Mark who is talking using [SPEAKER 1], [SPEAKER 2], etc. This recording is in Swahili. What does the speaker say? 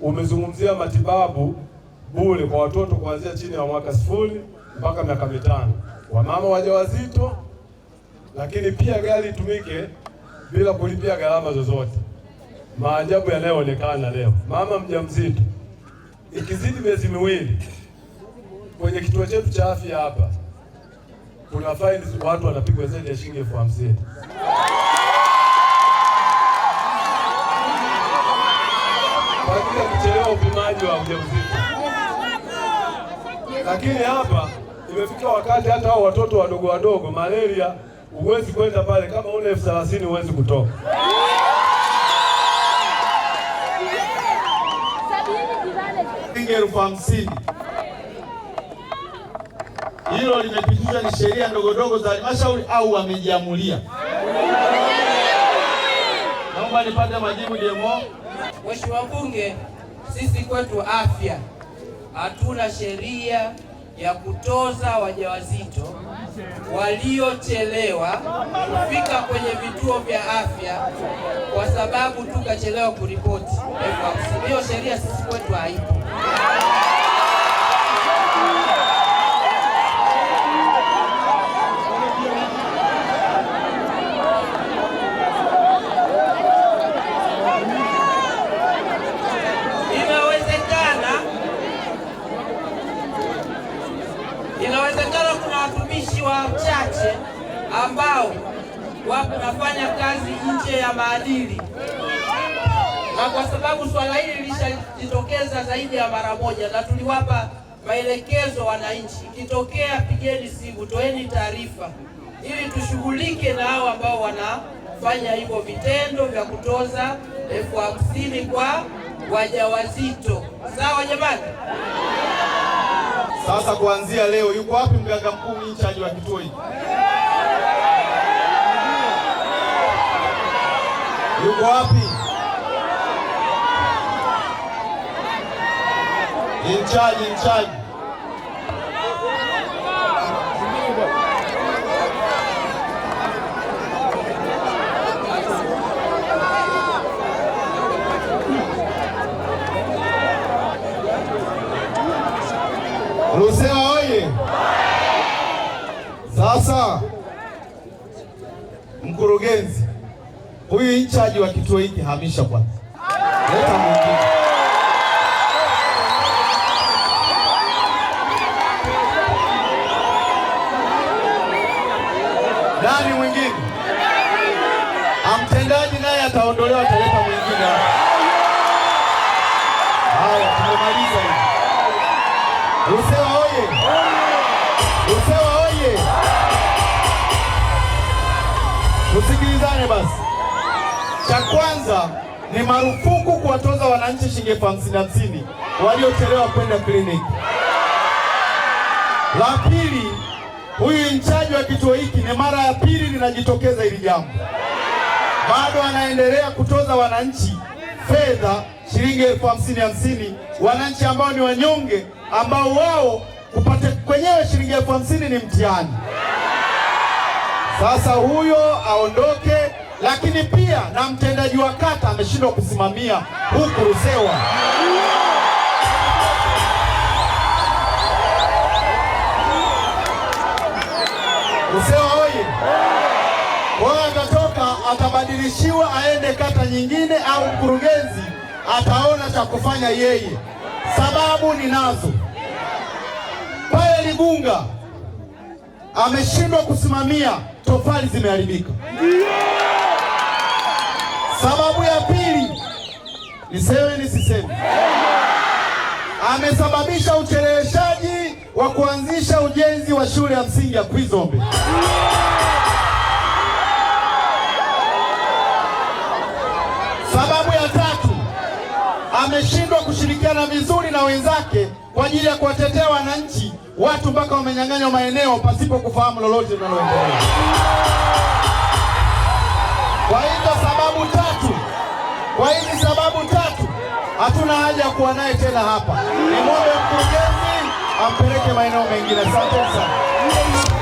[SPEAKER 1] umezungumzia matibabu bure kwa watoto kuanzia chini ya mwaka sifuri mpaka miaka mitano, wamama wajawazito, lakini pia gari itumike bila kulipia gharama zozote. Maajabu yanayoonekana leo, mama mjamzito ikizidi miezi miwili kwenye kituo chetu cha afya hapa kuna faini watu wanapigwa zaidi ya shilingi elfu hamsini. wanakuja kuchelewa upimaji wa ujauzito, lakini hapa imefika wakati hata hao watoto wadogo wadogo malaria, huwezi kwenda pale kama una elfu thelathini huwezi kutoka. elfu hamsini hilo limepitishwa, ni sheria ndogo ndogo za halmashauri au wamejiamulia. Naomba nipate majibu demo.
[SPEAKER 2] Mheshimiwa Bunge, sisi kwetu afya hatuna sheria ya kutoza wajawazito waliochelewa kufika kwenye vituo vya afya kwa sababu tukachelewa kuripoti. Hiyo sheria sisi kwetu haipo. wachache ambao nafanya kazi nje ya maadili, na kwa sababu swala hili lishajitokeza zaidi ya mara moja, na tuliwapa maelekezo wananchi, ikitokea pigeni simu, toeni taarifa ili tushughulike na hao ambao wanafanya hivyo vitendo vya kutoza elfu hamsini kwa wajawazito. Sawa jamani?
[SPEAKER 1] Sasa kuanzia leo, yuko wapi mganga mkuu chaji wa kituo hiki? Yuko wapi inchaji inchaji Lusewa oye! Sasa mkurugenzi huyu inchaji wa kituo hiki hamisha kwanza, leta mwingine. Nani mwingine? Amtendaji oye! Usewa oye! Tusikilizane basi. Cha kwanza ni marufuku kuwatoza wananchi shilingi elfu hamsini hamsini waliochelewa kwenda kliniki. La pili, huyu inchaji wa kituo hiki ni mara ya pili linajitokeza hili jambo, bado anaendelea kutoza wananchi fedha shilingi elfu hamsini hamsini, wananchi ambao ni wanyonge ambao wao upate kwenyewe shilingi elfu hamsini ni mtihani. Sasa huyo aondoke, lakini pia na mtendaji wa kata ameshindwa kusimamia huku Rusewa. Rusewa oye! Kwayo atatoka atabadilishiwa, aende kata nyingine, au mkurugenzi ataona cha kufanya yeye sababu ninazo. Pale Ligunga ameshindwa kusimamia, tofali zimeharibika. Sababu ya pili, niseme nisiseme, amesababisha ucheleweshaji wa kuanzisha ujenzi wa shule ya msingi ya Kwizombe. ameshindwa kushirikiana vizuri na wenzake kwa ajili ya kuwatetea wananchi, watu mpaka wamenyang'anywa maeneo pasipo kufahamu lolote linaloendelea. Kwa hizo sababu tatu, kwa hizi sababu tatu hatuna haja ya kuwa naye tena hapa. ni mwombe mkurugenzi ampeleke maeneo mengine. Asante sana.